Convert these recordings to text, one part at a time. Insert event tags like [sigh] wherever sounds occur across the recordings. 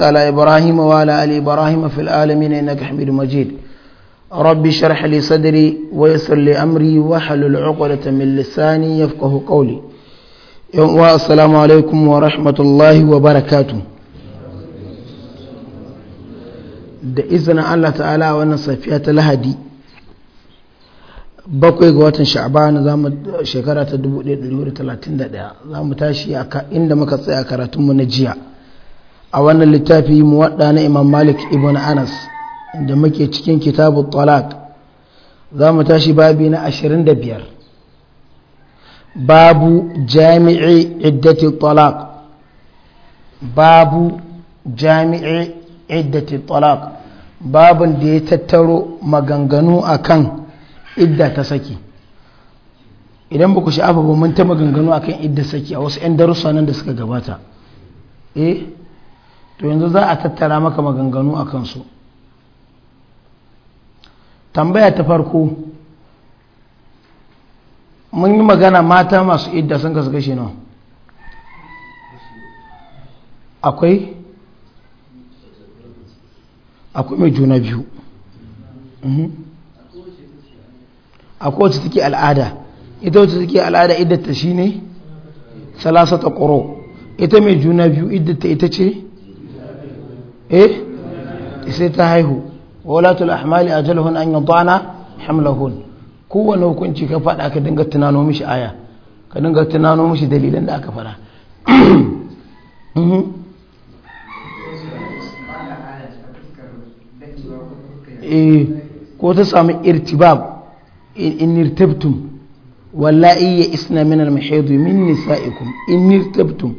على إبراهيم وعلى آل إبراهيم في العالمين إنك حميد مجيد ربي شرح لي صدري ويسر لي أمري وحلل عقدة من لساني يفقه قولي والسلام عليكم ورحمة الله وبركاته da izinin Allah ta'ala wannan safiya ta lahadi bakwai ga watan sha'ban za mu shekara ta 1431 za mu tashi inda muka tsaya karatunmu na jiya a wannan littafi wadda na imam malik ibn anas inda muke cikin kitabu talak za mu tashi babi na 25 babu jami'i iddati talak babu jami'i iddati talak babin da ya tattaro maganganu akan idda ta saki idan ba ku sha'afa ba mun ta maganganu akan idda saki a wasu 'yan darussa nan da suka gabata eh to yanzu za a tattara maka maganganu a kansu tambaya ta farko mun yi magana mata masu idda sun kasu kashe nan akwai akwai mai juna biyu mhm. a kowace suke al'ada ita wace suke al'ada iddata shi ne salasa ta ƙoro ita mai juna biyu iddata ita ce eh sai ta haihu walatul ahmali ajaluhun an yadana hamlahun kowane hukunci ka faɗa ka dinga tunano mishi aya ka dinga tunano mishi dalilan da aka faɗa [clears throat] mhm. eh, ko ta sami irtibab in irtabtum wallahi ya isna min al-mahid min nisaikum in irtabtum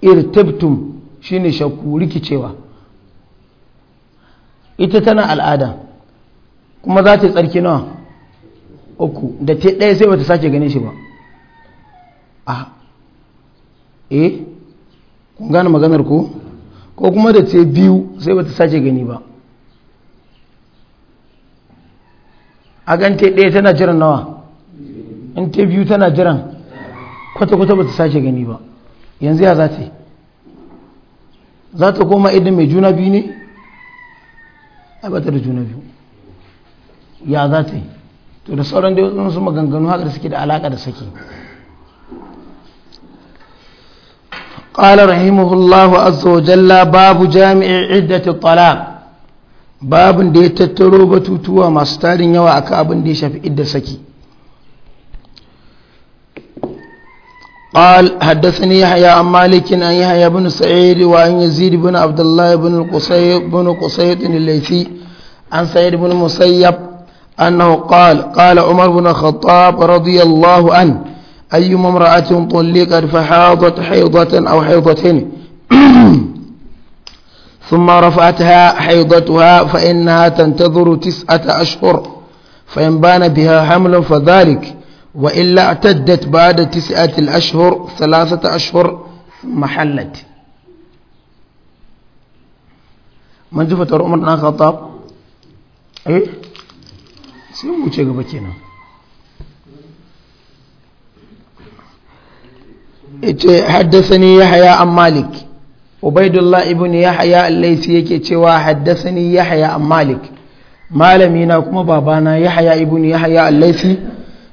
irtabtum shine shakku rikicewa ita tana al'ada kuma za ta tsarki nawa uku da ta ɗaya sai ta sake gane shi ba a eh kun gane maganar ko ko kuma da ta biyu sai bata sake gani ba a gan ta ɗaya tana jiran nawa in ta biyu tana jiran kwata-kwata bata sake gani ba yanzu ya za ta yi za ta koma idan mai juna biyu ne a bata da juna biyu ya za ta yi to da sauran da wasu maganganu haka da suke da alaka da saki قال rahimahullahu Azza wa jami'in babu Jami'in عدة da ya tattaro batutuwa masu tarin yawa akan abin da ya shafi idda saki قال حدثني يحيى عن مالك عن يحيى بن سعيد وعن يزيد بن عبد الله بن القصي بن قصيط الليثي عن سعيد بن المسيب أنه قال قال عمر بن الخطاب رضي الله عنه أي امرأة طلقت فحاضت حيضة أو حيضتين [clears throat] ثم رفعتها حيضتها فإنها تنتظر تسعة أشهر فإن بان بها حمل فذلك وإلا اعتدت بعد تسعة الأشهر ثلاثة أشهر محلت من جفة عمر بن الخطاب إيه سيمو تشيغبا حدثني يحيى عن مالك عبيد الله ابن يحيى الليثي yake cewa haddathani yahya an malik malami na kuma يحيى yahya ibn yahya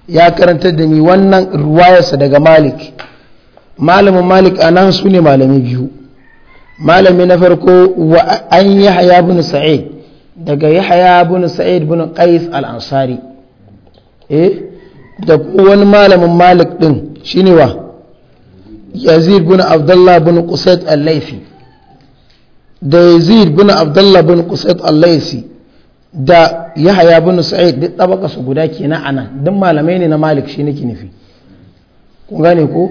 ya karantar da ni wannan ruwayarsa daga malik malamin malik a nan su ne malami biyu malami na farko wa an yi haya bin sa'id daga yi haya bin sa'id bin qais al-ansari eh da wani malamin malik din shine wa yazid bin abdullah bin qusayt al-laifi da yazid bin abdullah bin qusayt al-laifi da yahaya bin sa'id duk tabaka su guda kenan anan duk malamai ne na malik shi nake nufi kun gane ko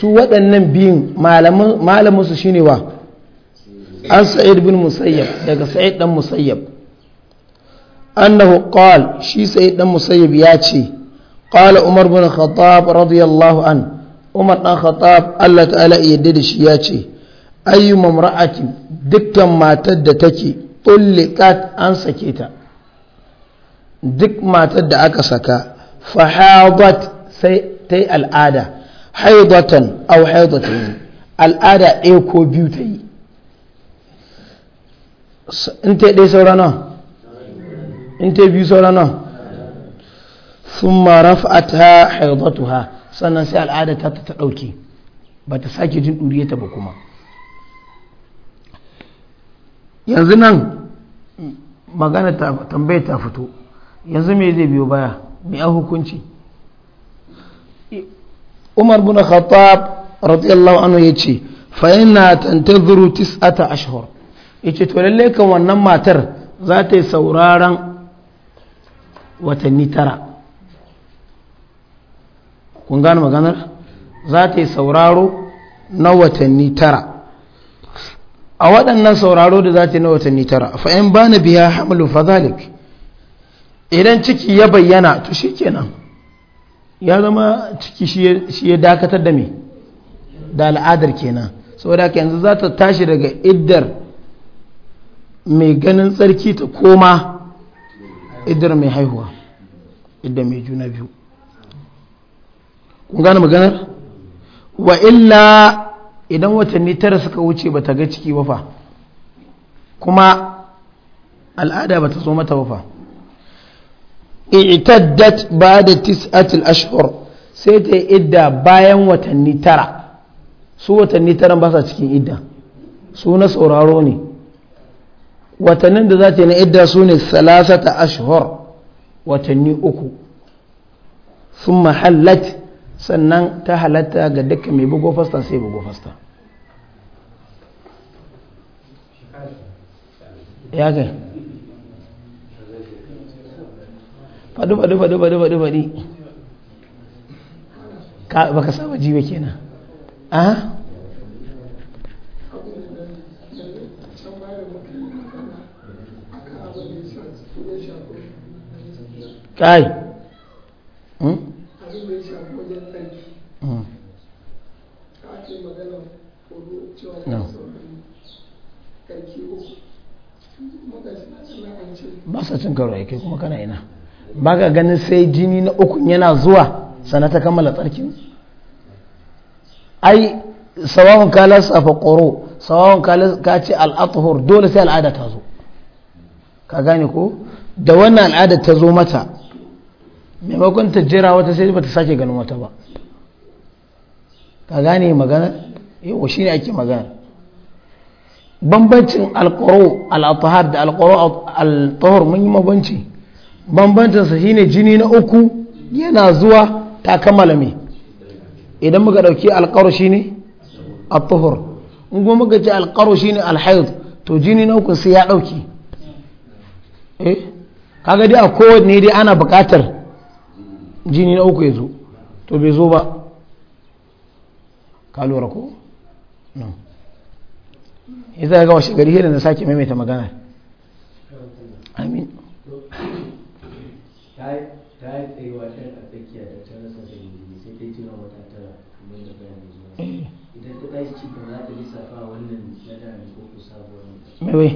su waɗannan biyun malamin su shine wa an sa'id bin musayyab daga sa'id dan musayyab annahu qal shi sa'id dan musayyab ya ce qala umar bin khattab radiyallahu an umar dan khattab Allah ta'ala yadda da shi ya ce ayyu mamra'atin dukkan matar da take tulliqat an sake ta duk matar da aka saka fahadat sai ta yi al'ada haidatan au haidatan al'ada ɗaya ko biyu ta yi in ta ɗaya saurana in ta biyu saurana sun marafa'at ha haidatu ha sannan sai al'ada ta ta ɗauke ba ta sake jin ɗuriyata ba kuma yanzu nan magana tambayar ta fito yanzu me zai biyo baya me a hukunci umar bin khattab radiyallahu anhu ya ce fa ina tantazuru tis'ata ashhur yace to lalle kan wannan matar za ta yi sauraron watanni tara kun gane maganar za ta yi sauraro na watanni tara a waɗannan sauraro da za ta yi na watanni tara fa'in ba na biya hamalu fazalik idan ciki ya bayyana to shi kenan ya zama ciki shi ya dakatar da me da al'adar kenan saboda ka yanzu za ta tashi daga iddar mai ganin tsarki ta koma iddar mai haihuwa iddar mai juna biyu kun gane maganar wa illa idan watanni tara suka wuce ba ta ga ciki ba kuma al'ada ba ta zo mata ba i'taddat ba'da tis'atil ashhur sai ta idda bayan watanni tara su watanni tara ba sa cikin idda su na sauraro ne watannin da za yi na idda su ne salasata ashhur watanni uku sun mahallat sannan ta halatta ga dukkan mai bugo fasta sai bugo fasta ya kai ba ka kenan a kai hmm? Hmm. ba sa cin karo kuma kana ina ba ka ganin sai jini na ukun yana zuwa sana ta kammala tsarkin ai sawawun ka lissafa ƙoro sawawun ka ce al'atuhur dole sai al'ada ta zo ka gane ko da wannan al'ada ta zo mata maimakon ta jira wata sai ba ta sake ganin wata ba ka gane magana yau shi ne ake magana bambancin alƙoro al'atuhar da alƙoro al'atuhar mun yi mabanci bambancinsa shine jini na uku yana zuwa ta kammala me idan muka ɗauki alƙaru shi ne a tuhur in kuma muka ce alƙaru shi ne alhaid to jini na uku sai ya ɗauki eh kaga dai a kowanne dai ana buƙatar jini na uku ya zo to bai zo ba ka lura ko no ya zai ga washe gari da na sake maimaita magana amin ta yi tsayuwa ta a tsakiya da ta rasa da sanyi sai ta yi wata tara kamar da bayan zuwa idan ta tashi ci ba za ta lissafa wannan na da ne ko ku sabuwa ne mai wai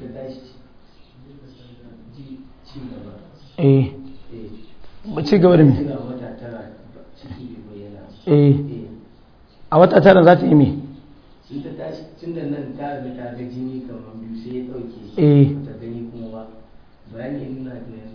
ta tashi ci gaba eh ba eh. ci gaba da me eh. eh a wata tara za ta yi me ta tashi tun da nan ta ga ta ga jini kamar biyu sai ya dauke eh. ta gani kuma ba bayani nuna da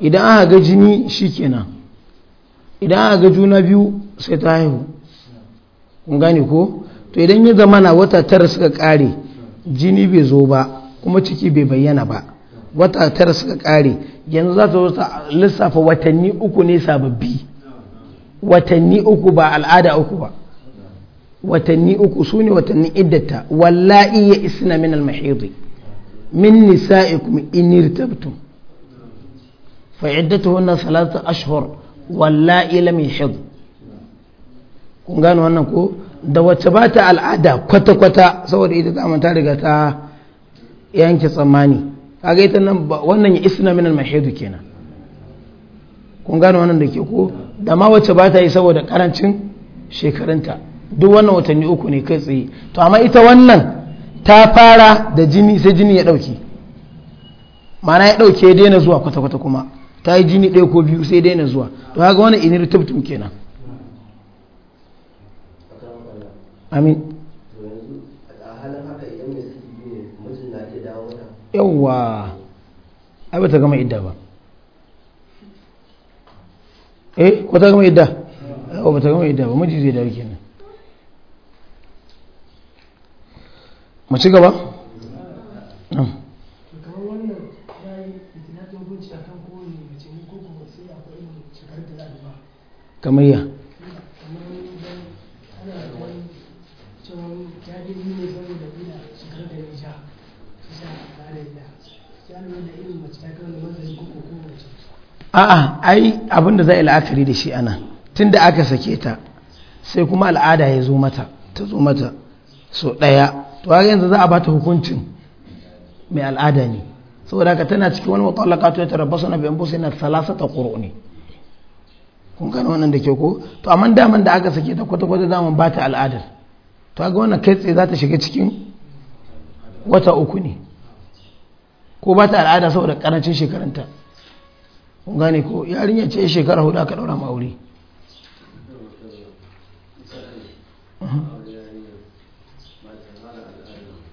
idan aka ga jini shikenan idan aka ga juna biyu sai ta haihu kun gane ko to idan ya zama na wata tara suka kare jini bai zo ba kuma ciki bai bayyana ba wata tara suka kare yanzu za ta wata lissafa watanni uku ne sababbi watanni uku ba al'ada uku ba watanni uku su ne watanni iddata wallahi ya isna min al-mahidi min nisa'ikum in irtabtum فعدتهن Salatu أشهر واللائي لم يحض kun gano wannan ko da wacce ba ta al'ada kwata-kwata saboda ita ta manta riga ta yanke tsammani kaga ita nan wannan ya isna minan al-mahidu kenan kun gano wannan da ke ko da ma wacce ba ta yi saboda karancin shekarunta duk wannan watanni uku ne kai tsaye to amma ita wannan ta fara da jini sai jini ya dauke mana ya dauke ya daina zuwa kwata-kwata kuma ta yi jini ɗaya ko biyu sai daina zuwa to haka wani inir tubtum kenan amin yawwa ai ba ta gama idda ba eh ko ta gama idda yawwa ba ta gama idda ba miji zai dawo kenan mu ci gaba? kamar ya a'a ai abinda za a yi la'akari da shi ana tun da aka sake ta sai kuma al'ada ya zo mata ta zo mata so ɗaya to haka yanzu za a bata hukuncin mai al'ada ne saboda ka tana cikin wani matsalaka to ya tarabbasa na biyan busa yana salasa ta ƙuro ne kun gano wannan da ke ko to amma daman da aka sake ta kwata-kwata daman ba ta al'adar to ga wannan kai tsaye za ta shiga cikin wata uku ne ko ba ta al'ada saboda karancin shekarunta kun gane ko yarinya ce shekara hudu aka daura ma aure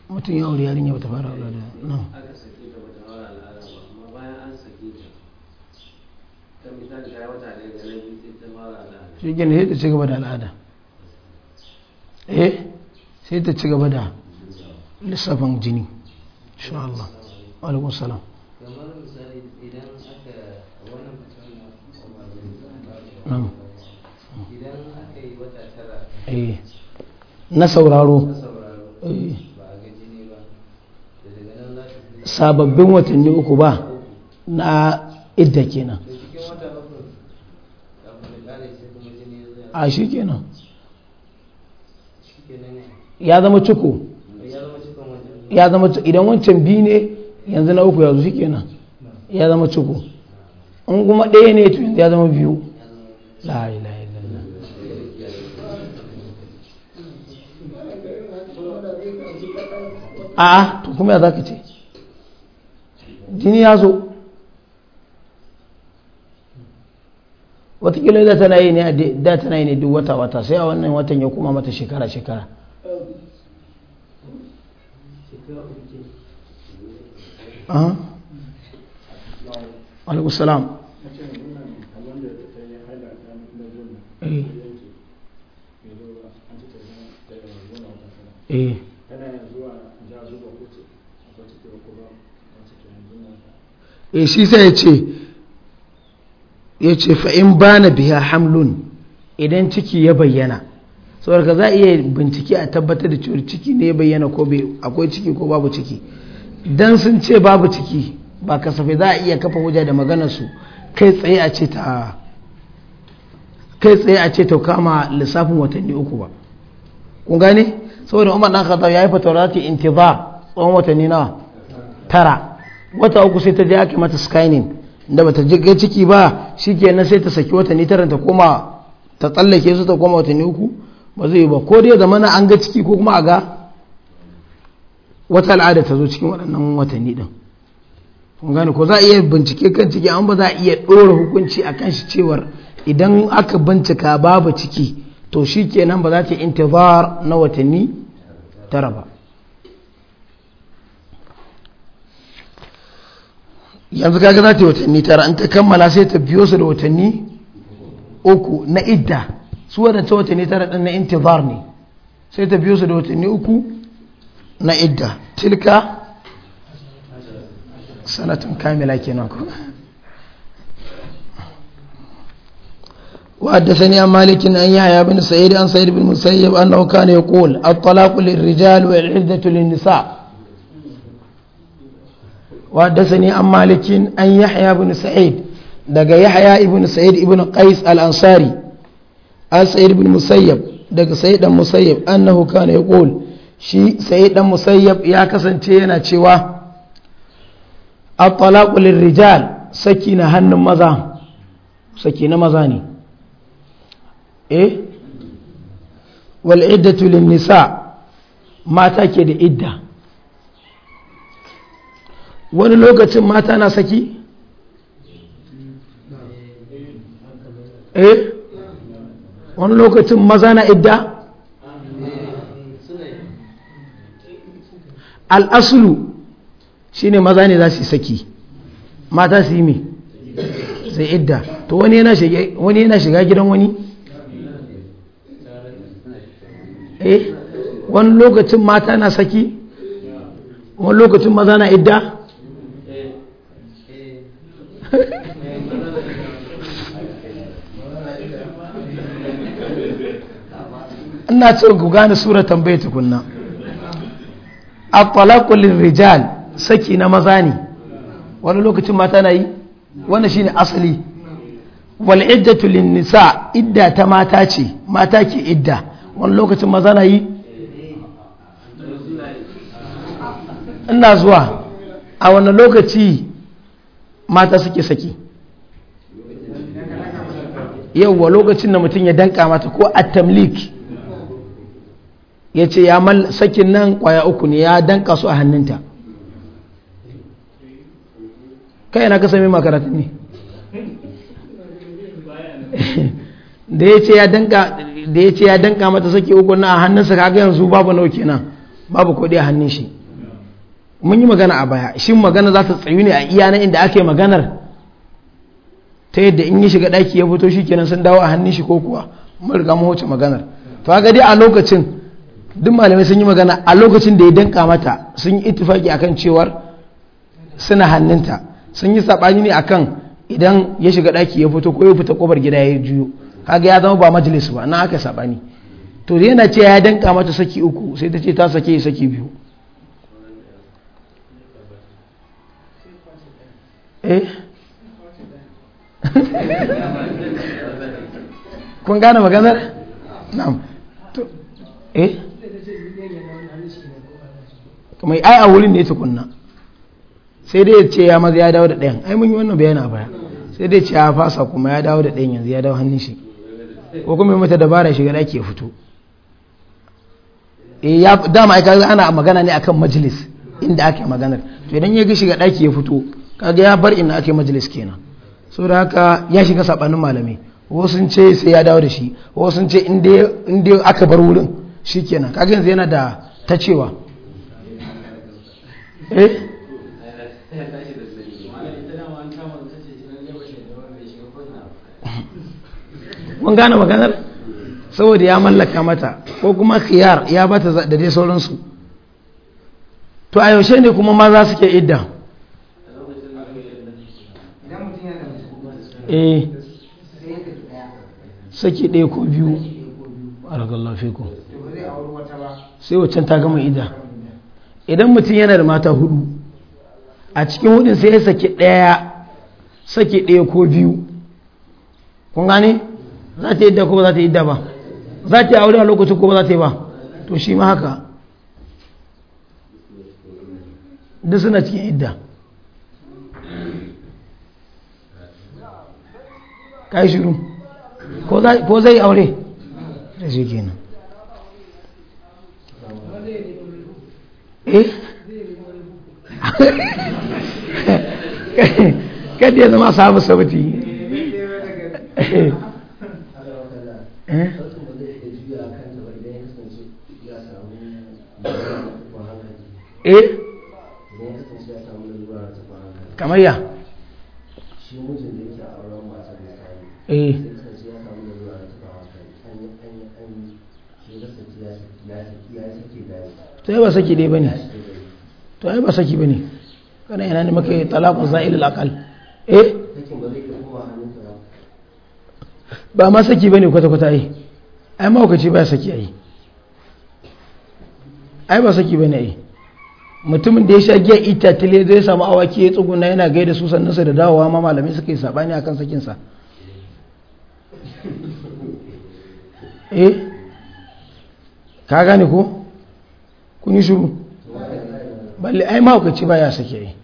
mutum ya aure yarinya ba ta fara aure da nan shi gina sai ta ci gaba da al'ada eh sai ta ci gaba da lissafin jini insha Allah alaikun salam eh, na sauraro eh, sababbin watanni uku ba na idda kenan a shi kenan ya zama ciko ya zama idan wancan bi ne yanzu na uku yanzu shi kenan ya zama ciko in kuma ɗaya ne to yanzu ya zama biyu la ilaha a'a to kuma ya za ka ce jini ya zo watakila da tana yi ne da tana yi duk wata wata sai a wannan watan ya kuma mata shekara shekara alaikusalam eh. Eh. eh shi sai ya ce ya ce fa'in ba na biya hamlun idan ciki ya bayyana saboda za a iya bincike a tabbatar da cewar ciki ne ya bayyana ko akwai ciki ko babu ciki don sun ce babu ciki ba kasafai za a iya kafa hujja da maganarsu kai tsaye a ce ta kai tsaye a ce ta kama lissafin watanni uku ba kun gane saboda umar dan khattab yayi fatawa ta intiba tsawon watanni nawa tara wata uku sai ta je ake mata scanning da bata ga ciki ba shikenan sai ta saki watanni tara ta koma ta tsallake su ta koma watanni uku ba zai ba ko dai zamana an ga ciki ko kuma a ga wata al'ada ta zo cikin waɗannan watanni ɗin kun gani ko za a iya bincike kan ciki an ba za a iya ɗora hukunci a kan shi cewar idan aka bincika babu ciki to shi kenan ba za ta intizar na watanni tara ba yanzu kaga za ta yi watanni tara an ta kammala sai ta biyo su da watanni uku na idda su wadanta watanni tara ɗan na intibar ne sai ta biyo su da watanni uku na idda tilka salatin kamila kenan ko وحدثني عن مالك عن يحيى بن سعيد عن سعيد بن المسيب انه كان يقول الطلاق للرجال والعده للنساء وحدثني عن مالك أن يحيى بن سعيد دقى يحيى بن سعيد بن قيس الأنصاري عن سعيد بن مسيب دقى سعيد بن مسيب أنه كان يقول شي سعيد بن مسيب يا كسن تينا تشوا الطلاق للرجال سكينة هن مذا سكينة مذاني إيه والعدة للنساء ما تكد إده wani lokacin mata na saki eh wani lokacin maza na idda al'asulu shi ne maza ne za su yi saki mata su yi sai idda to wani yana shiga gidan wani eh wani lokacin mata na saki wani lokacin maza na idda ina ce ku gane sura tambaye tukunna a talakul rijal saki na maza ne wani lokacin mata na yi wannan shine asali wani iddatu tulin nisa idda ta mata ce mata ke idda wani lokacin maza na yi ina zuwa a wani lokaci mata suke saki yauwa lokacin da mutum ya danka mata ko a tamlik ya ce ya mal sakin nan kwaya uku ne ya danka su a hannunta kai na kasa mai makaratu ne [laughs] da ya ce ya danka mata saki uku na a hannunsa kaga yanzu babu nauke kenan babu kodi a hannun shi mun yi magana a baya shin magana za ta tsayu ne a iya na inda ake maganar ta yadda in yi shiga ɗaki ya fito shi kenan sun dawo a hannun shi ko kuwa mun riga mun wuce maganar to a dai a lokacin duk malamai sun yi magana a lokacin da ya danka mata sun yi ittifaki akan cewar suna hannunta sun yi sabani ne akan idan ya shiga ɗaki ya fito ko ya fita kofar gida ya juyo kaga ya zama ba majalis ba na aka sabani to yana ce ya danka mata saki uku sai ta ce ta sake saki biyu eh [laughs] kun gane maganar na'am to eh kuma ai a wurin ne tukunna sai dai ya ce ya maza ya dawo da ɗayan ai mun yi wannan bayani a baya sai dai ce ya fasa kuma ya dawo da ɗayan yanzu ya dawo hannun shi ko kuma mata dabara shiga da ake fito eh, dama aika ana magana ne akan majalis inda ake maganar to idan ya ga shiga daki ya fito kaga ya bar inda ake majalis kenan saboda haka ya shiga sabanin malami wasu sun ce sai ya dawo da shi wasu sun ce inda aka bar wurin shi kenan kaga yanzu yana da ta cewa eh? Mun gane maganar saboda ya mallaka mata ko kuma khiyar ya bata da dai sauransu to a yaushe ne kuma maza suke idda eh saki ɗaya ko biyu a ko sai waccan ta gama idda idan mutum yana da mata hudu a cikin hudun sai ya saki ɗaya saki ɗaya ko biyu kun gane za ta idda ko ba za ta idda ba za ta yi aure a lokacin ko ba za ta yi ba to shi ma haka duk suna cikin idda ka yi shiru ko zai aure da shi kenan eh [laughs] kada ya zama sabu sabati [laughs] eh, eh? kamar ya eh sai ba saki dai bane to ai ba saki bane kana yana ne maka talaqu za'il al eh ba ma saki bane kwata kwata ai ai ma ba saki ai ai ba saki bane ai mutumin da ya sha giya ita tile zai samu awaki ya tsuguna yana da su sannan da dawowa ma malami suka yi sabani akan sakin sa eh ka gane ko kun yi balle ai mahaukaci ba ya sake yi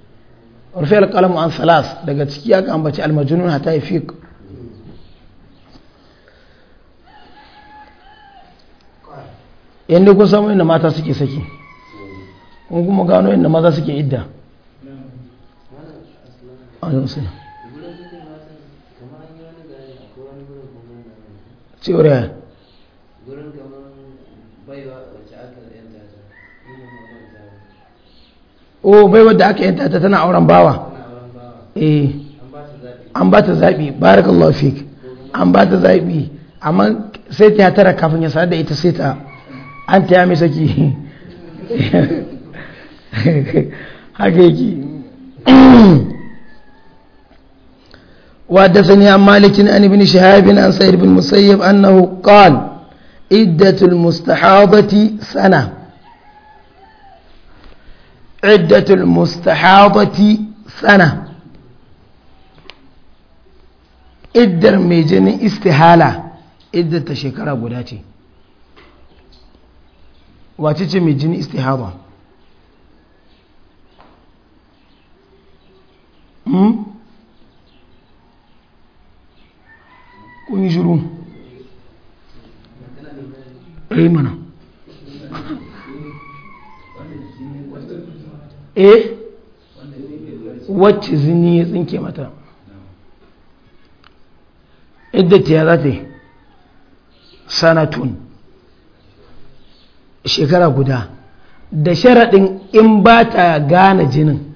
rufe alƙalamu an salas daga ciki aka ambaci almajunun hata ya fiye yadda kun samu inda mata suke saki kun kuma gano inda maza suke idda cewar gurin kamar baiwa wacce aka yanta ta o baiwa da aka yanta ta tana auren bawa eh. an ba ta zaɓi barakallahu lafik an ba ta zaɓi amma sai ta tara kafin ya sa da ita sai ta an ta yi saki [laughs] حقيقي [laughs] [clears throat] وحدثني عن مالك عن ابن شهاب عن سعيد بن مسيب أنه قال عدة المستحاضة سنة عدة المستحاضة سنة عدة ميجن استهالة عدة شكرا قداتي واتيتي ميجن استحاضة Hmm? kun yi shiru eh, [laughs] eh? wacce zini ya tsinke mata idda ta ya za sanatun shekara guda da sharaɗin in ba ta gane jinin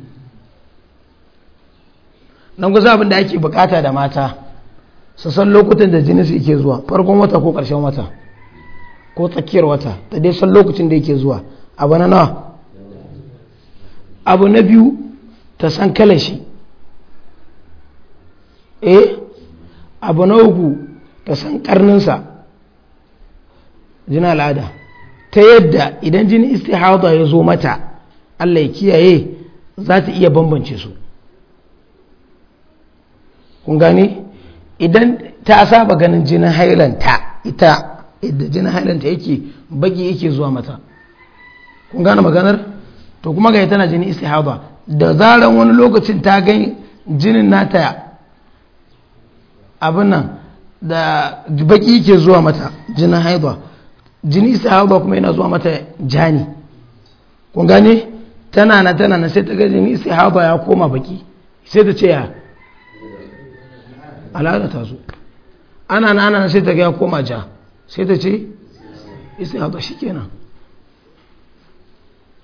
nan kusa abin da ake bukata da mata su san lokutan da jini su ke zuwa farkon wata ko ƙarshen wata ko tsakiyar wata ta dai san lokacin da yake zuwa abu na nawa abu na biyu ta san kalar shi eh abu na uku ta san karninsa jina al'ada ta yadda idan jini istihada ya zo mata allah ya kiyaye za ta iya bambance su kun gani idan ta saba ganin jinin hailanta ita da jinin hailanta yake bagi yake zuwa mata kun gane maganar to kuma ga tana jini istihaba da zaran wani lokacin ta gan jinin nata abin nan da baki yake zuwa mata jinin haiba jini istihaba kuma yana zuwa mata jani kun gane tana na tana na sai ta ga jini istihaba ya koma baki sai ta ce ya al'ada ta zo ana na ana sai ta ga koma ja sai ta ce shi kenan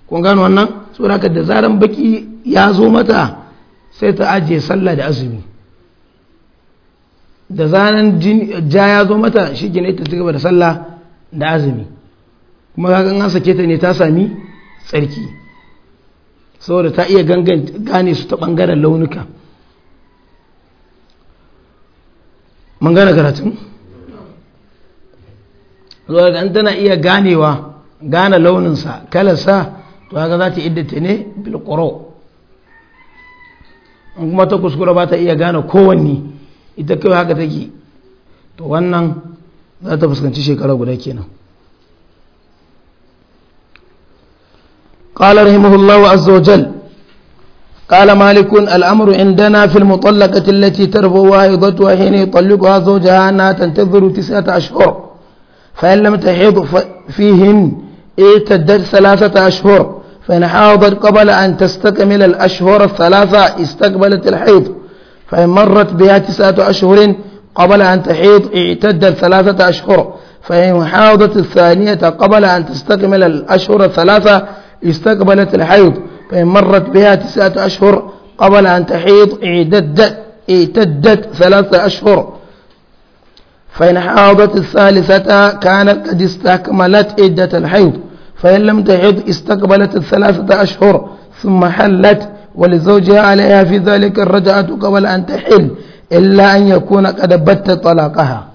kun gano wannan saboda haka da zaran baki ya zo mata sai ta ajiye sallah da azumi da zanen ja ya zo mata shi gina ita gaba da sallah da azumi kuma kakan an sake ta ne ta sami tsarki saboda ta iya gane su ta ɓangaren launuka mun gane karatun zuwa ga tana iya ganewa gane launinsa kalarsa to haka za ta iddata ne bilkoro an kuma ta kuskura ba ta iya gane kowanne ita kai haka take to wannan za ta fuskanci shekara guda kenan قال رحمه الله عز وجل قال مالك الأمر عندنا في المطلقة التي تربو واعظتها حين يطلقها زوجها أنها تنتظر تسعة أشهر فإن لم تحيض فيهن ارتدت ثلاثة أشهر فإن حاضت قبل أن تستكمل الأشهر الثلاثة استقبلت الحيض فإن مرت بها تسعة أشهر قبل أن تحيض اعتدت ثلاثة أشهر فإن حاضت الثانية قبل أن تستكمل الأشهر الثلاثة استقبلت الحيض فإن إيه، مرت بها تسعة أشهر قبل أن تحيض اعتدت اعتدت ثلاثة أشهر فإن حاضت الثالثة كانت قد استكملت عدة الحيض فإن لم تحض استقبلت الثلاثة أشهر ثم حلت ولزوجها عليها في ذلك الرجعة قبل أن تحل إلا أن يكون قد بت طلاقها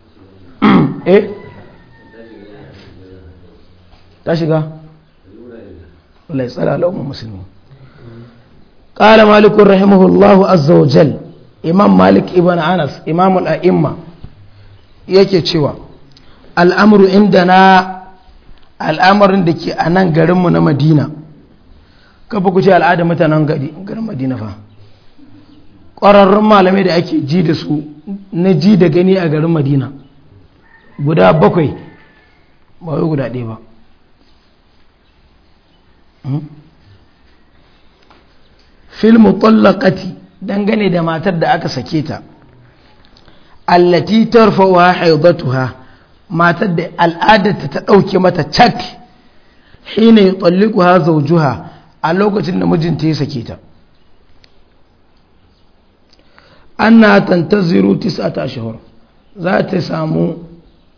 [clears throat] إيه تشقى Allah ya tsara musulmi qala rahimahullahu azzawajal imam malik ibn anas imam al-a'imma yake cewa al'amru indana al'amarin da ke a nan garinmu na madina kafa ku ce al'ada mutanen garin madina fa ƙwararrun malamai da ake ji da su na ji da gani a garin madina guda bakwai ba wai guda ɗaya ba Hmm? filmu tallakati dangane da matar da aka sake ta allati tarfawa haidatuha matar da al'adarta ta dauke mata cak hina ha zawjuha a lokacin da mijinta ya sake ta anna tantaziru tis'ata ashhur za ta samu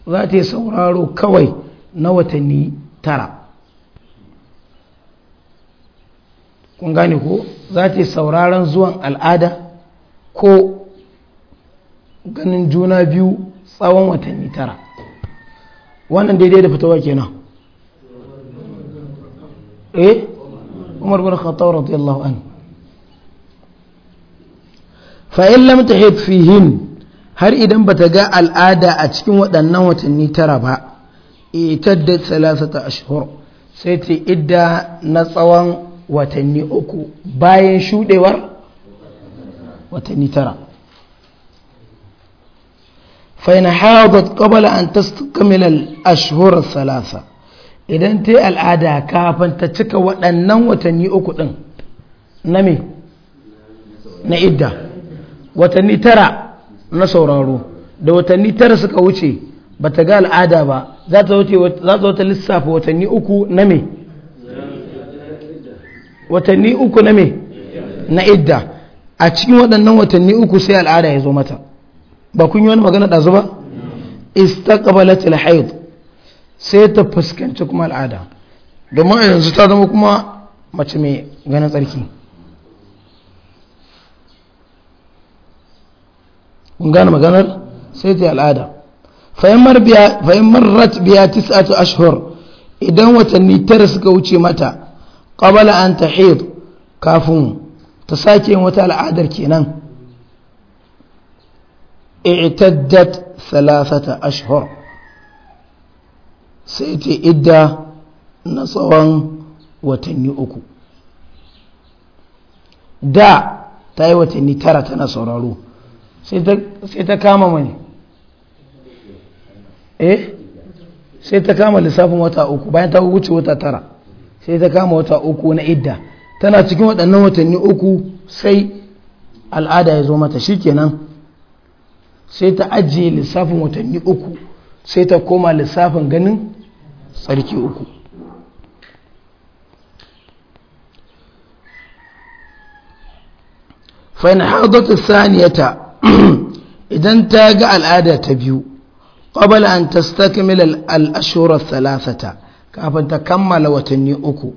za ta sauraro kawai na watanni tara kun gane ko za ta yi sauraron zuwan al'ada ko ganin juna biyu tsawon watanni tara wannan daidai da fitowa kenan eh umar bin khattab radiyallahu anhu fa in lam tahid fihin har idan bata ga al'ada a cikin waɗannan watanni tara ba da salasata ashhur sai ta idda na tsawon watanni uku bayan shudewar watanni tara فإن حاضت an أن تستكمل الأشهر salasa, idan ta yi al'ada kafin ta cika waɗannan watanni uku ɗin na me na idda watanni tara na sauraro da watanni tara suka wuce ba ta ga al'ada ba za ta wuce za ta lissafa watanni uku na me watanni uku na me na idda a cikin waɗannan watanni uku sai al'ada ya zo mata ba kun yi wani magana ɗazu ba istaqbalat al-hayd sai ta fuskanci kuma al'ada domin a yanzu ta zama kuma mace mai ganin tsarki kun gane maganar sai ta al'ada rat biya ta ashhur idan watanni tara suka wuce mata qabala an tahid kafin ta sake yin wata al'adar kenan i'taddat thalathata ashhur sai ta idda na tsawon watanni uku da ta yi watanni tara tana sauraro sai ta kama mani eh sai ta kama lissafin wata uku bayan ta wuce wata tara sai ta kama wata uku na idda tana cikin waɗannan watanni uku sai al'ada ya zo mata shi kenan sai ta ajiye lissafin watanni uku sai ta koma lissafin ganin tsarki uku fa'in haɗatu saniyata [clears throat] idan ta ga al'ada ta biyu ƙwabala an ta stakimil al'ashurar salasata kafin ta kammala watanni uku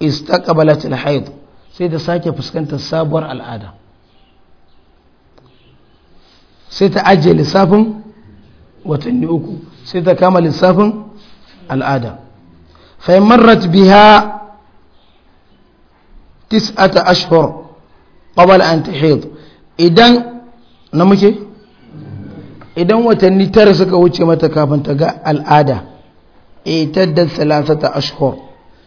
istaqbalat al-hayd sai ta sake fuskantar sabuwar al'ada sai ta ajiye lissafin watanni uku sai ta kama lissafin al'ada fai marrat biha tis'ata ashhur qabla an tahid idan na muke idan watanni tara suka wuce mata kafin ta ga al'ada itadda salasata ashhur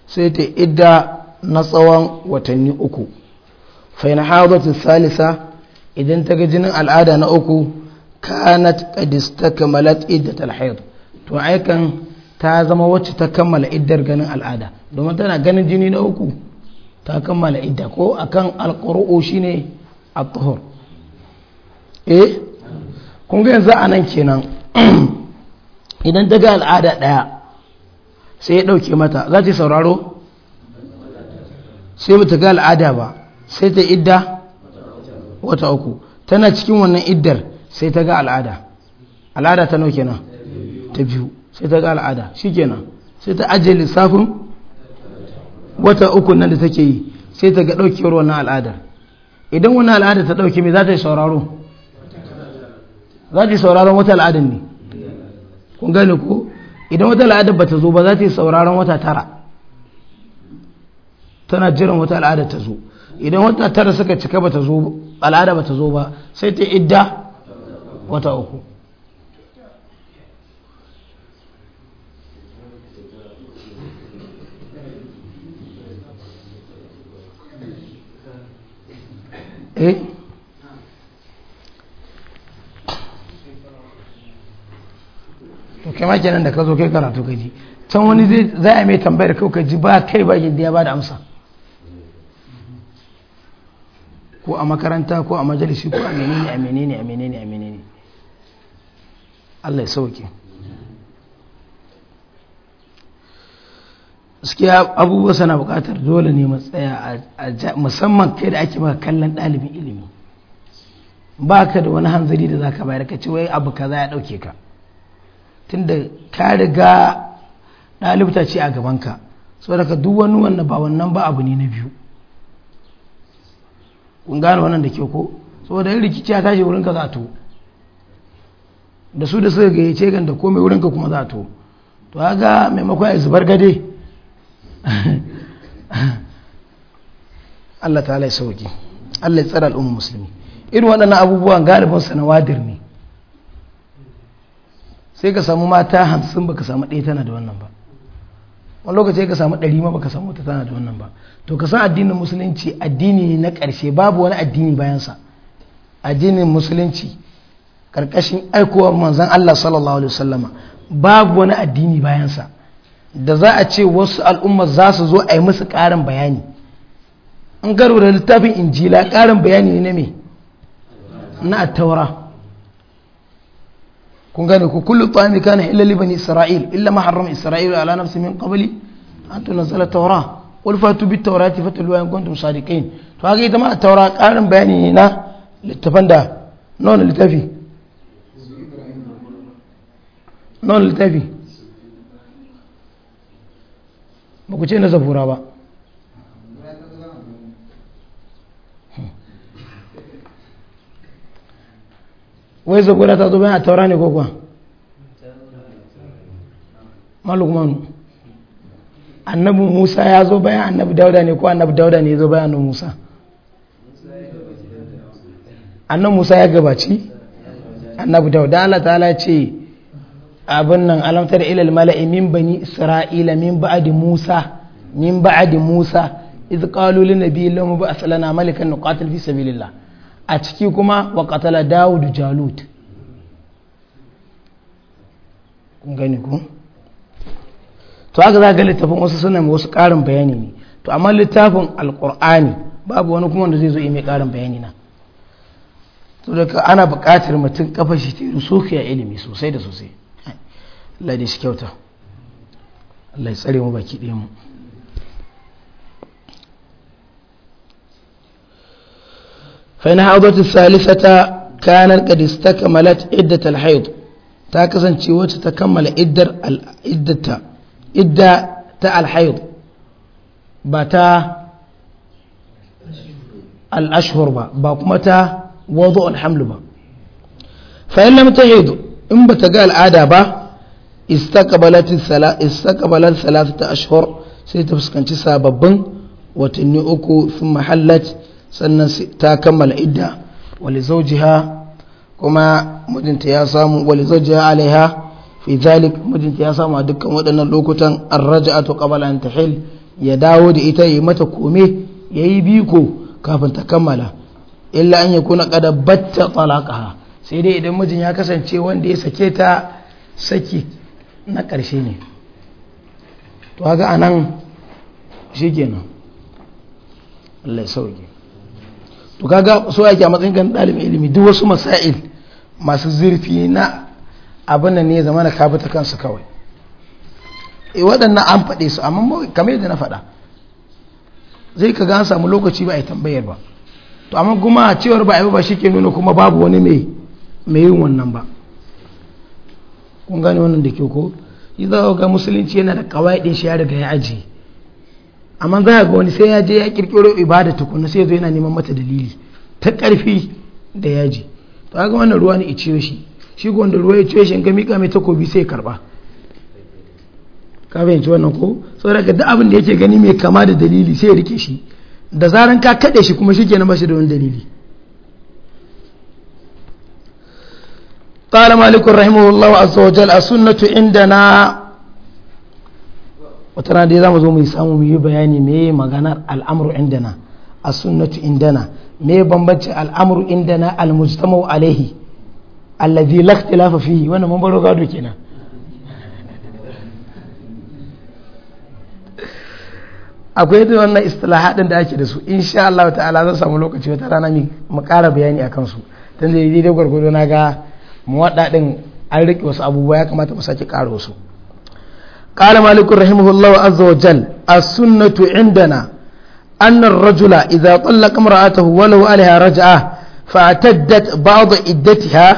sai ta idda na tsawon watanni uku fa in salisa idan ta ga jinin al'ada na uku kanat qad iddat al to aikan ta zama wacce ta kammala iddar ganin al'ada domin tana ganin jini na uku ta kammala idda ko akan al shine at-tuhur eh kun ga yanzu anan kenan idan daga al'ada ɗaya. sai ya ɗauke mata za ta yi sauraro sai ba ta ga al'ada ba sai ta idda wata uku tana cikin wannan iddar sai ta ga al'ada al'ada ta nauke na ta biyu sai ta ga al'ada shi kenan sai ta ajiye lissafin wata uku nan da take yi sai ta ga ɗaukewar wannan al'adar idan wannan al'ada ta ɗauke mai za ta yi sauraro za ta yi sauraron wata al'adar ne kun gane ko idan wata al'adar ba ta zo ba za ta yi sauraron wata tara tana jiran wata al'adar ta zo idan wata tara suka cika ba ta zo al'ada ba ta zo ba sai ta idda wata uku eh kai ma kenan da ka zo kai karatu ka ji can wani zai za a mai tambayar kai ka ji ba kai ba yadda ya ba da amsa ko a makaranta ko a majalisi ko a menene a menene a menene a menene Allah ya sauke suke abubuwa sana bukatar dole ne matsaya musamman kai da ake maka kallon ɗalibin ilimi ba ka da wani hanzari da za ka bayar ka ce wai abu ka za ya ɗauke ka tunda ka riga ɗalibta ce a gabanka saboda daga duk wani wannan ba wannan ba abu ne na biyu kun gane wannan da ke ko da yin rikici ya tashi wurinka za to da su da suka gayyace gan da komai wurinka kuma za to to haka maimakon ya zubar gade [laughs] Allah ta halaye sauki Allah ya tsara al'umma musulmi irin waɗannan abubuwan galibin sanawa ne sai ka samu mata hamsin baka samu ɗaya tana da wannan ba wani lokaci ka samu ɗari ma baka samu wata tana da wannan ba to ka san addinin musulunci addini na ƙarshe babu wani addini bayansa addinin musulunci ƙarƙashin aikowar manzan Allah sallallahu alaihi wasallama babu wani addini bayansa da za a ce wasu al'umma za su zo a yi musu ƙarin bayani An garo da littafin injila ƙarin bayani ne na me na taura كن قال كل الطائم كان إلا لبني إسرائيل إلا ما حرم إسرائيل على نفسه من قبلي أنت نزل التوراة والفاتو بالتوراة فتلوا إن كنتم صادقين فأقي دماء التوراة قال بياني هنا للتفندى نون التفي نون التفي ما كنت نزفورا بقى wai zabura ta zo a taura ne ko kuwa malukmanu annabi musa ya zo bayan annabi dauda ne ko annabi dauda ne ya zo bayan annabi musa annabi musa ya gabaci annabi dauda ta ta'ala ce abin nan alamtar ilal mala'i min bani isra'ila min ba'adi musa min ba'adi musa iz qalu lin nabiyyi lam ba'ath lana malikan nuqatil fi sabilillah a ciki kuma wa katala dawud jalut kun gani ku to haka za ga littafin wasu suna mai wasu ƙarin bayani ne to amma littafin alƙur'ani babu wani kuma wanda zai zo yi mai ƙarin bayani na to daga ana buƙatar mutum kafa shi ta rusuki a ilimi sosai da sosai Allah da shi kyauta Allah ya tsare mu baki ɗaya mu فإن حاضت الثالثة كانت قد استكملت عدة الحيض تاكسن تشيوت تكمل إدر الإدة إدة تاء الحيض باتا الأشهر با باقمتا وضوء الحمل با فإن لم تحيض إن بتقال عادة با استقبلت الثلاث استقبلت ثلاثة أشهر سيتفسكن تساببن وتني أكو ثم حلت sannan ta kammala idda wali zaujiha kuma mijinta ya samu wali zawjiha alaiha fi zalik mijinta ya samu a dukkan waɗannan lokutan an to qabla ta tahil ya dawo da ita yi mata kome yayi biko kafin ta kammala illa an yakuna qad batta talaqaha sai dai idan mijin ya kasance wanda ya sake ta saki na ƙarshe ne to haka anan kenan Allah ya sauke to kaga so yake a matsayin kan dalibin ilimi duk wasu masail masu zurfi na abin nan ne zama na kabata kansu kawai e waɗannan an faɗe su amma kamar yadda na faɗa zai ka an samu lokaci ba a yi tambayar ba to amma kuma cewar ba a yi ba shi ke nuna kuma babu wani mai mai yin wannan ba kun gane wannan da ke ko yi za ga musulunci yana da kawai ɗin shi ya riga ya ajiye amma za a ga wani sai ya je ya kirkiro ibada tukuna sai zo yana neman mata dalili ta karfi da yaji to ga wannan ruwa ne iciyo shi shi wanda ruwa ya ciyo shi ga mika mai takobi sai karba ka ci wannan ko sau daga da abin da yake gani mai kama da dalili sai ya rike shi da zaran ka kaɗe shi kuma shi ke nama shi da wani dalili قال مالك رحمه الله a وجل inda na. wata rana dai za mu zo mu yi samu mu yi bayani me maganar al'amru indana a sunnatu indana me bambanci al'amru indana al mustamau alaihi alladhi la ikhtilafa fihi wannan mun baro gado kenan akwai da wannan din da ake da su insha Allah ta'ala zan samu lokaci wata rana mu ƙara bayani akan su dan da dai gwargwado na ga mu din an riƙe wasu abubuwa ya kamata mu sake ƙara wasu قال مالك رحمه الله عز وجل السنة عندنا أن الرجل إذا طلق امرأته ولو عليها رجعة فاعتدت بعض عدتها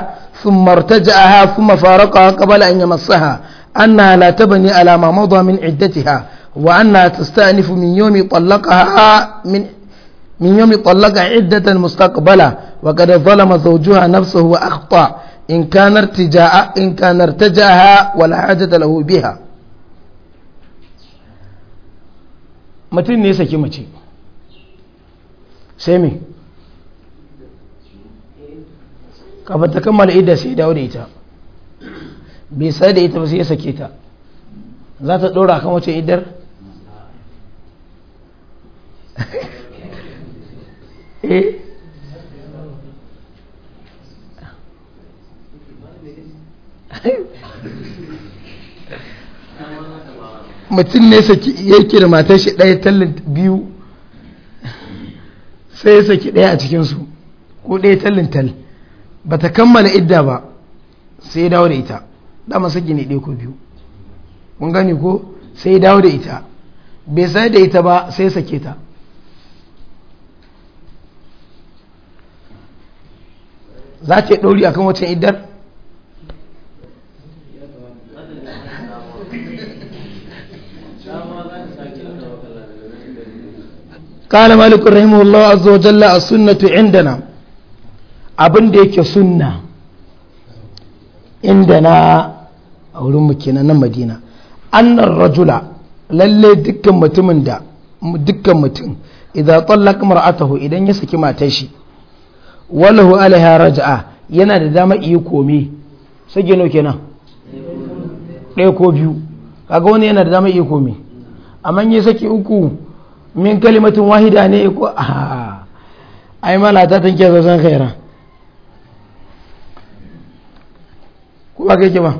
ثم ارتجعها ثم فارقها قبل أن يمسها أنها لا تبني على ما مضى من عدتها وأنها تستأنف من يوم طلقها من من يوم طلق عدة مستقبلة وقد ظلم زوجها نفسه وأخطأ إن كان ارتجاء إن كان ارتجاها ولا حاجة له بها mutum ne saki mace sai me kafin ta kammala idda sai dawo da ita bai sai da ita ba sai ya sake ta za ta ɗora kan wace idar [laughs] eh [laughs] mutum ne yake da matar shi ɗaya tallin biyu sai ya saki ɗaya a cikinsu ko ɗaya tallin tal ba ta kammala idda ba sai ya dawo da ita dama saki ne ɗaya ko biyu mun gani ko sai ya dawo da ita bai sai da ita ba sai ya sake ta za ta yi ɗauri akan wacce iddar قال مالك رحمه الله عز وجل السنة عندنا abin da yake suna inda na a wurin kenan na madina annan rajula lalle dukkan mutumin da dukkan mutum idan tsallak mar'atahu idan ya saki matar shi walahu alaiha raja'a yana da dama iya kome sage nau kenan ɗaya ko biyu kaga wani yana da dama iya kome amma ya saki uku min kalimatin wahida ne ko a ai malata ta ke zazan khaira ko ba kake ba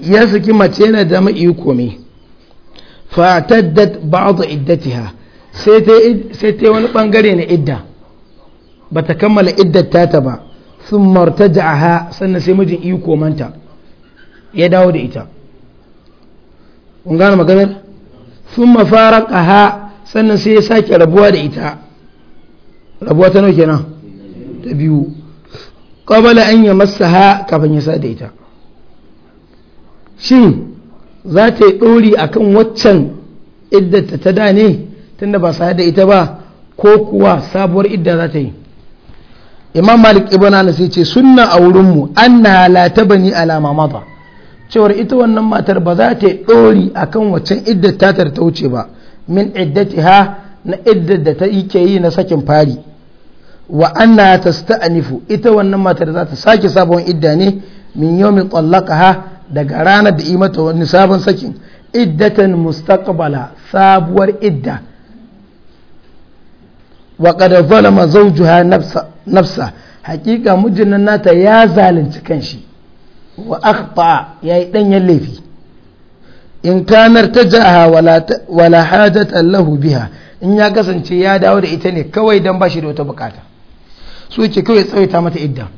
ya saki mace na da mai komi fa taddat ba'd iddatiha sai sai ta wani bangare na idda ba ta kammala iddata ta ba sun marta aha sannan sai mijin iko manta ya dawo da ita ungana maganar Sun thumma ƙaha sannan sai ya sake rabuwa da ita rabuwa ta nauke nan ta biyu qabala an yamassaha kafin ya sa da ita shin za ta yi ɗori a kan waccan iddata ta da ne tunda ba sa da ita ba ko kuwa sabuwar idda za ta yi imam malik na anas ce sunna a wurinmu anna la tabani alama ma cewar ita wannan matar ba za ta yi ɗori a kan waccan iddar tatar ta wuce ba min iddati ha na iddar da ta ke yi na sakin fari wa anna ta sta'anifu ita wannan matar za ta sake sabon idda ne min yomin tsallaka ha daga ranar da yi mata wani sabon sakin iddatan mustaqbala sabuwar idda wa kada zalama zawjuha nafsa nafsa hakika mijin nata ya zalunci kanshi wa akhta yayi danyen laifi in kanar jaha wala hajatan lahu biha in ya kasance ya dawo da ita ne kawai dan bashi da wata bukata so yake kawai tsawaita mata idda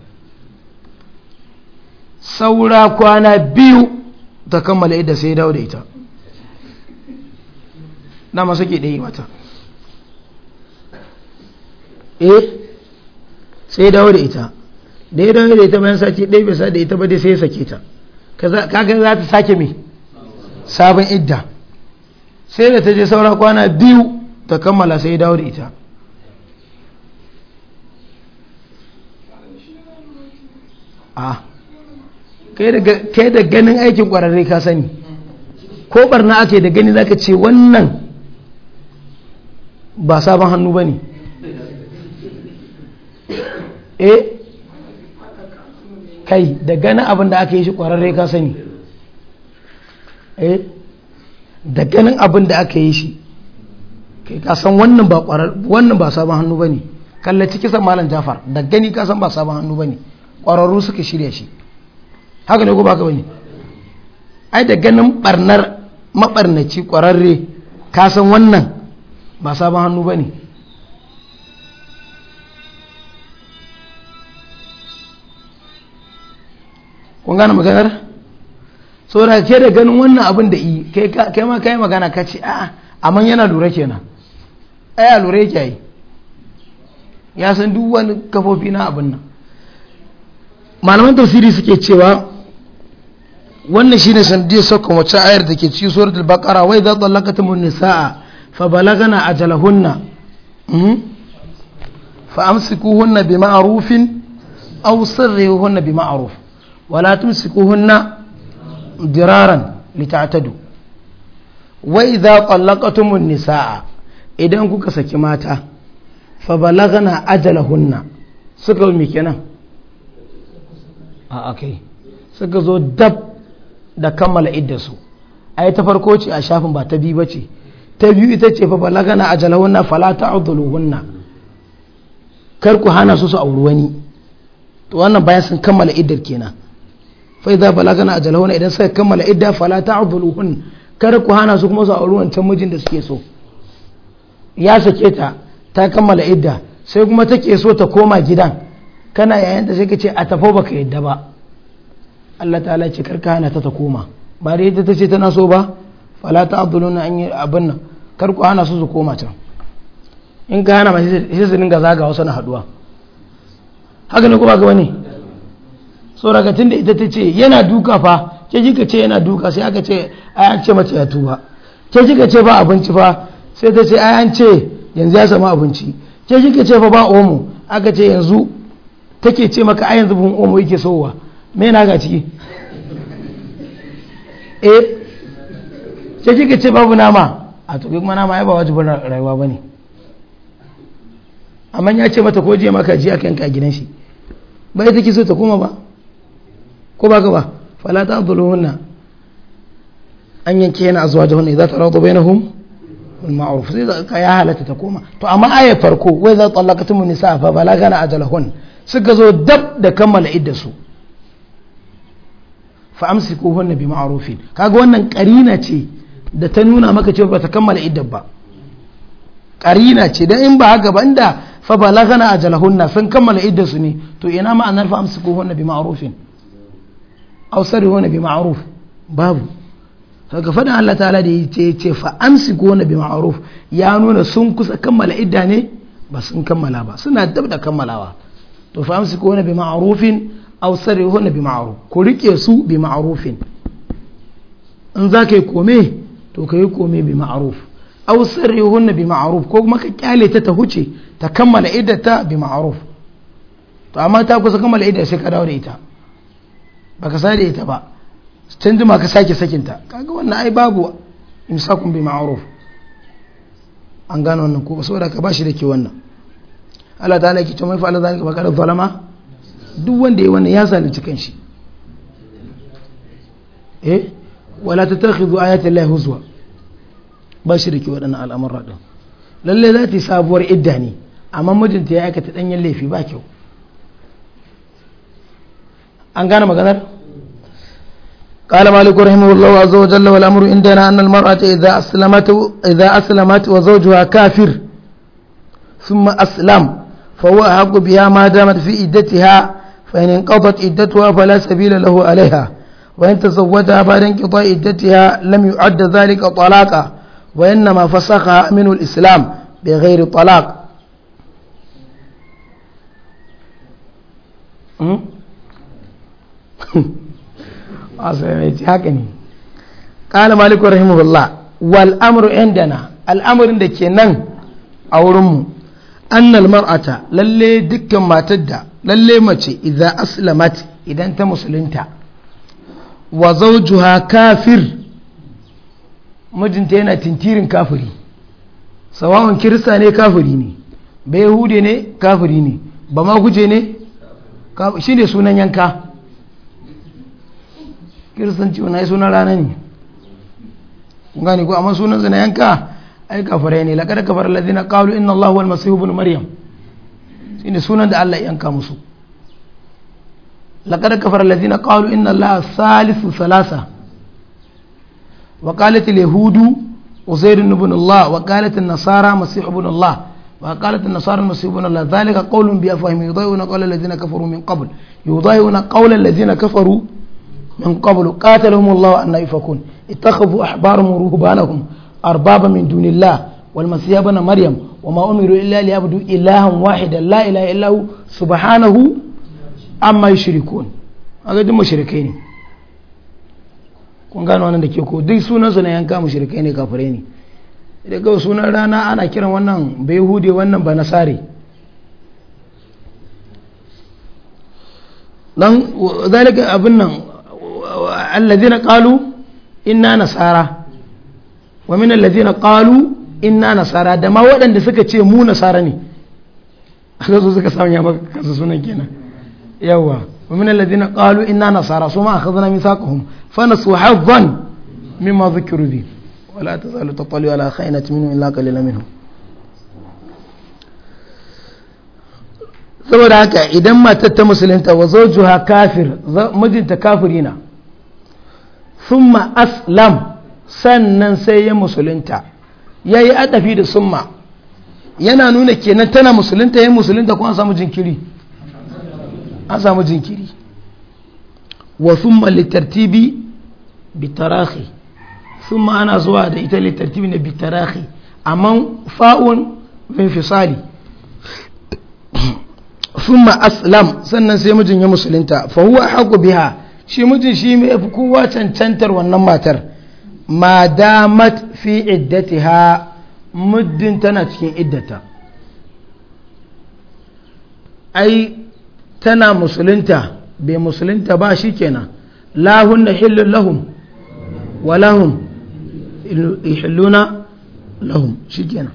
saura kwana biyu ta kammala idda sai dawo da ita na suke da yi mata eh sai dawo da ita da ya dawo da ita bayan sace ɗaya bai sa da ita ba dai sai ya sake ta kaga za ta sake me sabon idda sai da ta je saura kwana biyu ta kammala sai ya dawo da ita a kai da ganin aikin kwararre ka sani ko barna ake da gani zaka ce wannan ba sabon hannu ba ne eh, kai da ganin abin da aka yi shi kwararre ka sani eh da ganin abin da aka yi shi kai ka san wannan ba wannan ba sabon hannu bane kallaci kisan malam Jafar da gani ka san ba sabon hannu bane kwararru suka shirya shi haka ne ko ba ka bane ai da ganin barnar mabarnaci kwararre ka san wannan ba sabon hannu bane kun gane maganar saboda ke da ganin wannan abin da yi kai ma kai magana ka ce a'a amma yana lura kenan ai a lura yake yi ya san duk wani kafofi na abin nan malaman tafsiri suke cewa wannan shine sandiyar sakon wacce ayar da ke cikin suratul baqara wai za tallaqatum nisaa fa balagana ajalahunna hmm? fa amsikuhunna bima'rufin aw sarrihuhunna bima'ruf wala hunna diraran lita'tadu wa idza qallaqatumun nisaa idan kuka saki mata fa balagana ajalahunna suka mi suka zo dab da kammala iddasu ai ta farko ce a shafin ba ta biyu ce ta biyu ita ce fa balagana ajalahunna fala ta'dhuluhunna kar ku hana su su auri wani to wannan bayan sun kammala iddar kenan fa idza balagana ajalahunna idan suka kammala idda fala ta'dhuluhun kada ku hana su kuma su auri wancan mijin da suke so ya sake ta ta kammala idda sai kuma take so ta koma gidan kana yayin da sai ka ce a tafo baka yadda ba Allah ta'ala ce karka hana ta ta koma ba da yadda ta ce tana so ba fala ta'dhuluna an yi abin nan kar ku hana su su koma can in ka hana masu sai su dinga zagawa suna haduwa haka ne kuma ga wani tsoragatun da ita ta ce yana duka fa ke kika ce yana duka sai aka ce ai an ce mace ya tuba ke kika ce ba abinci fa sai ta ce ai an ce yanzu ya samu abinci ke kika ce fa ba omo aka ce yanzu take ce maka ai yanzu bin omo yake sowa me na ga ciki [laughs] eh ke kika ce babu nama a to kuma nama ai ba wajibin rayuwa bane amma ya ce mata ko je maka ji akan ka gidan shi bai take so ta koma ba ko ba ka ba fala ta adluhunna an yanke yana azuwa da hunna idan taradu bainahum bil ma'ruf sai ka ya halatta ta koma to amma aya farko wai za ta tallaqatum nisa fa balagana ajalahun suka zo dab da kammala iddasu fa amsikuhunna bi ma'rufin kaga wannan karina ce da ta nuna maka cewa ba ta kammala iddar ba karina ce dan in ba haka ba inda fa balagana ajalahunna sun kammala iddasu ne to ina ma'anar fa amsikuhunna bi ma'rufin aw sarihuna bi ma'ruf babu daga faɗin Allah ta'ala da ya ce fa amsiku na bi ma'ruf ya nuna sun kusa kammala idda ne ba sun kammala ba suna dab da kammalawa to fa amsiku na bi ma'rufin aw sarihu ku rike su bi ma'rufin in za ka yi kome to ka yi kome bi ma'ruf aw sarihu na ko kuma ka kyale ta ta huce ta kammala iddata bi ma'ruf to amma ta kusa kammala idda sai ka dawo da ita baka sa da ita ba can jima ka sake sakinta kaga wannan ai babu imsakun bi ma'ruf an gano wannan ko saboda ka bashi da ke wannan Allah ta'ala yake to mai Allah zalika ba da zalama duk wanda ya wannan ya zalunci kanshi eh wala tattakhidhu ayati llahi huzwa bashi da ke waɗannan al'amuran lalle za ta yi sabuwar idda ne amma mijinta ya aikata danyen laifi ba kyau an gane maganar قال مالك رحمه الله عز وجل والأمر عندنا أن المرأة إذا أسلمت, إذا أسلمت وزوجها كافر ثم أسلم فهو أحق بها ما دامت في إدتها فإن انقضت إدتها فلا سبيل له عليها وإن تزوجها بعد انقضاء إدتها لم يعد ذلك طلاقا وإنما فسخها منه الإسلام بغير طلاق [laughs] haka ne ƙala malikun rahimahullah wal amru indana al'amarin da ke nan a wurinmu annal mar'ata lallai dukkan matar da lalle mace idan aslamat idan ta musulunta wa zaujuha kafir mijinta yana tintirin kafiri sawawan kirista ne kafiri ne bai hude ne kafiri ne ba ma guje ne shi ne sunan yanka kiristanci wani suna rana ne gani ko amma sunan zina yanka ai kafirai ne laƙar kafar lazina ƙalu inna Allah wal masihu maryam shi sunan da Allah yanka musu laƙar kafar lazina ƙalu inna Allah salisu salasa wa qalat al yahudu uzair ibn Allah wa qalat an nasara masih ibn Allah وقالت النصارى المسيح ابن الله ذلك قول بأفواههم يضاهئون قول الذين كفروا من قبل يضاهئون قول الذين من قبل قاتلهم الله أن يفكون اتخذوا أحبارهم ورهبانهم أربابا من دون الله والمسيح بن مريم وما أمروا إلا ليعبدوا إلها واحدا لا إله إلا هو سبحانه عما يشركون هذا دم مشركين kun gano wannan da ke ko duk sunansu na yanka mushrikai ne kafirai ne da ga sunan rana ana kiran wannan bai hude wannan ba nasare dan zalika abin nan alladhina qalu inna nasara nasara da waɗanda suka ce mu nasara ne aka ولا تزال تطلع على خائنة منهم إلا قليلا منهم saboda haka idan matar ta musulunta wa kafir mijinta kafiri na summa aslam sannan sai ya musulunta ya yi adafi da summa yana nuna kenan tana musulunta ya musulunta kuma samu jinkiri an samu jinkiri wa thumma litartibi bitarahi summa ana zuwa da ita litartibi na bitarahi amma fa'un fisali. summa aslam sannan sai mijin ya musulunta fa huwa haqu biha shi mutum shi mai fi kowa cancantar wannan matar ma damat fi ha muddin tana cikin iddata ai tana musulunta bai musulunta ba shi kenan na hillun lahum wa lahun ihilluna lahun shi kenan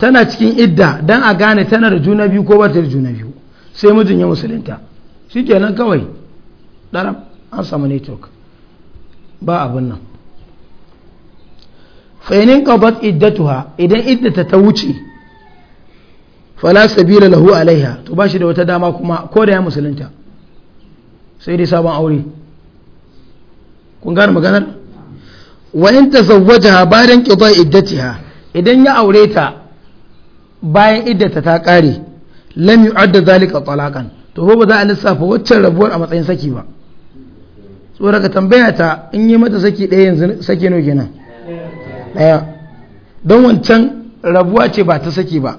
tana cikin idda don a gane tana da juna biyu ko ba ta da juna biyu sai mijin ya musulunta kenan kawai ɗaram an samu network ba abin nan fa'inin iddatu iddatuha idan iddata ta wuce fala sabila lahu alaiha to ba shi da wata dama kuma ko da ya musulunta sai dai sabon aure kun gane maganar wa in tazawwajaha bayan iddati ha. idan ya aure ta bayan iddata ta kare lam yu'adda zalika talakan to ba za a lissafa waccan rabuwar a matsayin saki ba tsoron ka tambaya ta in yi mata saki ɗaya yanzu saki no gina ɗaya don wancan rabuwa ce ba ta saki ba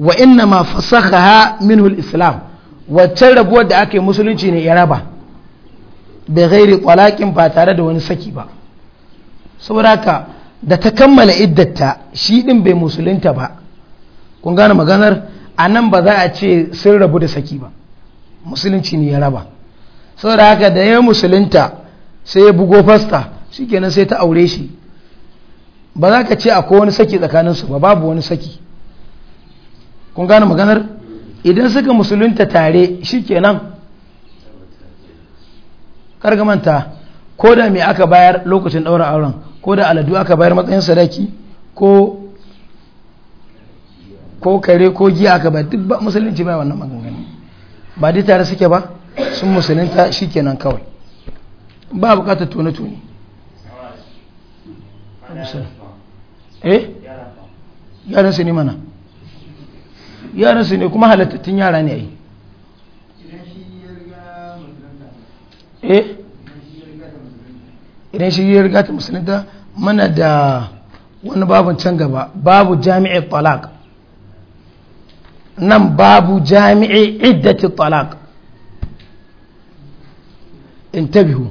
wa inna ma fasakha minhul islam waccan rabuwar da aka yi musulunci ne ya raba bai gairi kwalakin ba tare da wani saki ba saboda ka da ta kammala iddata shi ɗin bai musulunta ba kun gane maganar a nan ba za a ce sun rabu da saki ba musulunci ne ya raba saboda haka da ya musulunta sai ya bugo fasta shikenan sai ta aure shi ba za ka ce akwai wani saki tsakaninsu ba babu wani saki kun gane maganar idan suka musulunta tare shikenan kargamanta ko da mai aka bayar lokacin ɗaura auren ko da aladu aka bayar matsayin sadaki ko ko kare ko giya aka bayar duk musulunci bai wannan maganganu ba dai tare suke ba sun musulunta shi kenan kawai ba bukatar tone tuni eh su ne mana su ne kuma halittattun yara ne yi eh? idan shi yi riga ta musulunta mana da wani babu can gaba babu jami'ar talak nan babu jami'i iddati talaq intabihu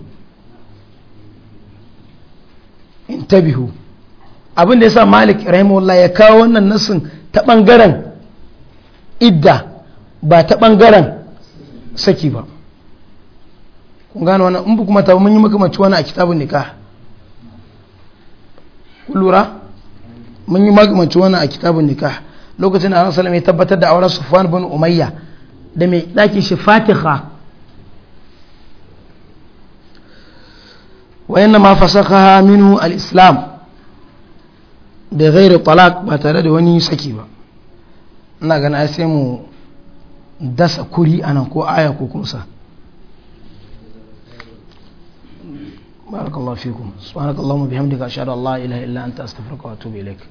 intabihu abin da ya sa malik rahimahullah ya kawo wannan nasin ta bangaren idda ba ta bangaren saki ba kun gano wannan in kuma ta mun yi mace wani a kitabun nikah kun lura mun yi mace wani a kitabun nikah lokacin da annabi ya tabbatar da auren sufwan bin umayya da mai daki shi fatiha wa inna ma fasakha minhu al-islam da gairi talak ba tare da wani saki ba ina gana sai mu dasa kuri anan ko aya ko kusa barakallahu fikum subhanakallahumma bihamdika ashhadu an la ilaha illa anta astaghfiruka wa atubu ilaik